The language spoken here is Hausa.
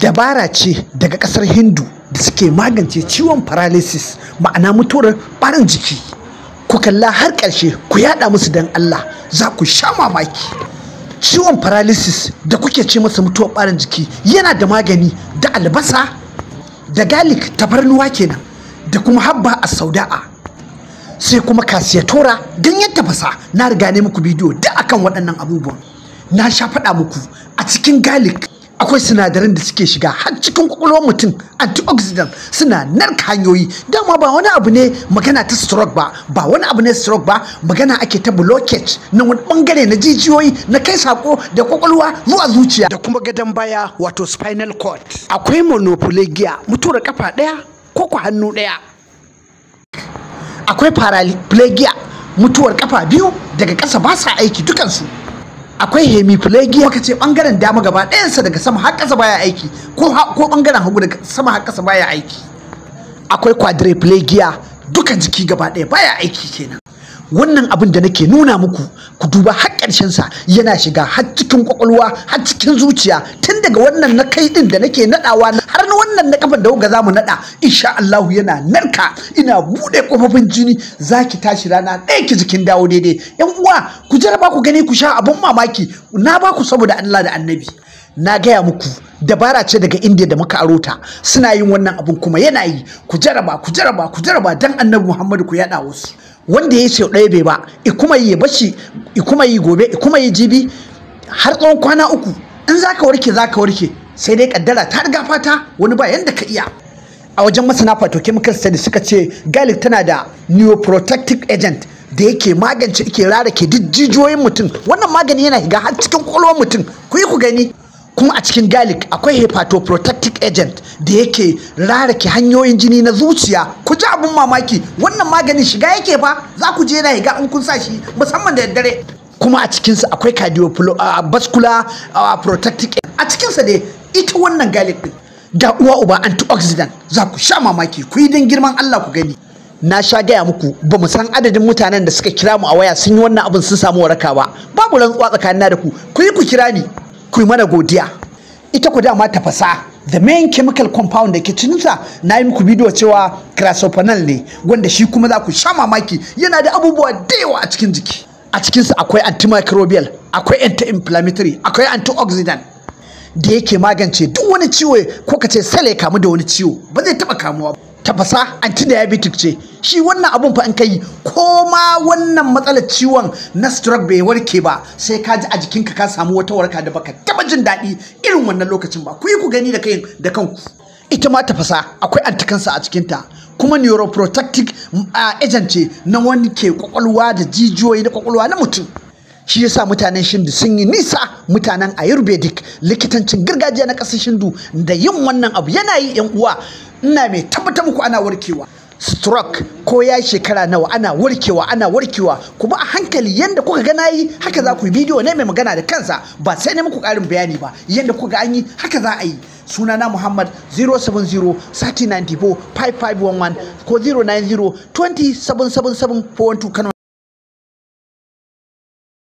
dabara ce daga ƙasar hindu da suke magance ciwon paralysis ma'ana mutuwar ɓarin jiki ku kalla har ƙarshe ku yada musu don allah za ku sha mamaki ciwon paralysis da kuke ce masa mutuwar ɓarin jiki yana da magani da albasa da galik tafarnuwa kenan da kuma habba a sauda'a sai kuma kasiyatora ganyen tafasa na riga ne muku bidiyo duk akan waɗannan abubuwan na sha faɗa muku a cikin galik akwai sinadaran da suke shiga har cikin kwakwalwar mutum antioxidant suna narka hanyoyi dama ba wani abu ne magana ta stroke ba ba wani abu ne stroke ba magana ake ta blockage na wani bangare na jijiyoyi na kai sako da kwakwalwa zuwa zuciya da kuma gadon baya wato spinal cord akwai monoplegia mutuwar kafa daya ko ku hannu daya akwai paraplegia mutuwar kafa biyu daga ƙasa ba sa aiki dukansu akwai hemiplegia Maka ce bangaren dama gaba ɗayansa daga sama har ƙasa baya aiki ko ko bangaren hagu daga sama har ƙasa baya aiki akwai quadriplegia duka jiki gaba ɗaya baya aiki kenan wannan abin da nake nuna muku ku duba har ƙarshen sa yana shiga har cikin kwakwalwa har cikin zuciya tun daga wannan na kai din da nake nadawa har na wannan na kafan da za mu nada insha Allah yana narka ina bude kofofin jini zaki tashi rana ɗaya ki jikin dawo daidai yan uwa ku jaraba ku gani ku sha abun mamaki na ba ku saboda Allah da Annabi na gaya muku dabara ce daga indiya da muka aro suna yin wannan abun kuma yana yi ku jaraba ku jaraba ku jaraba dan annabi muhammadu ku yada wasu wanda ya ce ɗaya bai ba i kuma yi bashi kuma yi gobe i kuma yi jibi har tsawon kwana uku in za ka warke za ka warke sai dai kaddara ta riga fata wani ba yanda ka iya a wajen masana phytochemical study suka ce garlic tana da neoprotective agent da yake magance yake rarake duk jijiyoyin mutum wannan magani yana higa har cikin kwakwalwar mutum ku yi ku gani kuma a cikin garlic akwai hepatoprotectic agent da yake rarake hanyoyin jini na zuciya ku ji abun mamaki wannan maganin shiga yake fa za ku je na higa in kun sa shi musamman da daddare kuma a cikinsa akwai cardiovascular ah, ah, agent. a cikinsa dai ita wannan garlic din da uwa uba antioxidant za ku sha mamaki ku yi don girman Allah ku gani na sha gaya muku ba mu san adadin mutanen da suka kira mu a waya sun yi wannan abin sun samu waraka ba babu rantsuwa tsakanin na da ku ku yi ku kira ni ku yi mana godiya ita ku dama ta fasa the main chemical compound da ke cinsa na yi muku bidiyo cewa crasophenol ne wanda shi kuma za ku sha mamaki yana da abubuwa da yawa a cikin jiki a cikinsa akwai antimicrobial akwai anti-inflammatory akwai antioxidant da yake magance duk wani ciwo ko ka ce sale kamu da wani ciwo ba zai taba kamuwa ba tafasa antidiabetic ce shi wannan abun fa in kai ko ma wannan matsalar ciwon na stroke bai warke ba sai ka ji a jikinka ka samu wata warka da baka taba jin daɗi irin wannan lokacin ba ku yi ku gani da kai da kanku ita ma tafasa akwai antikansa a cikinta kuma neuroprotective ah, agent ce na wani ke kwakwalwa da jijiyoyi na kwakwalwa na mutum shi yasa mutanen shindu sun yi nisa mutanen ayurvedic likitancin gargajiya na ƙasar shindu da yin wannan abu yana yi yan uwa ina mai tabbatar muku ana warkewa stroke ko ya shekara nawa ana warkewa ana warkewa kuma a hankali yanda kuka gana yi haka za ku yi bidiyo ne mai magana da kansa ba sai ne muku karin bayani ba yanda kuka an yi haka za a yi sunana muhammad 070 3094 5511 ko 090 20777 412 kano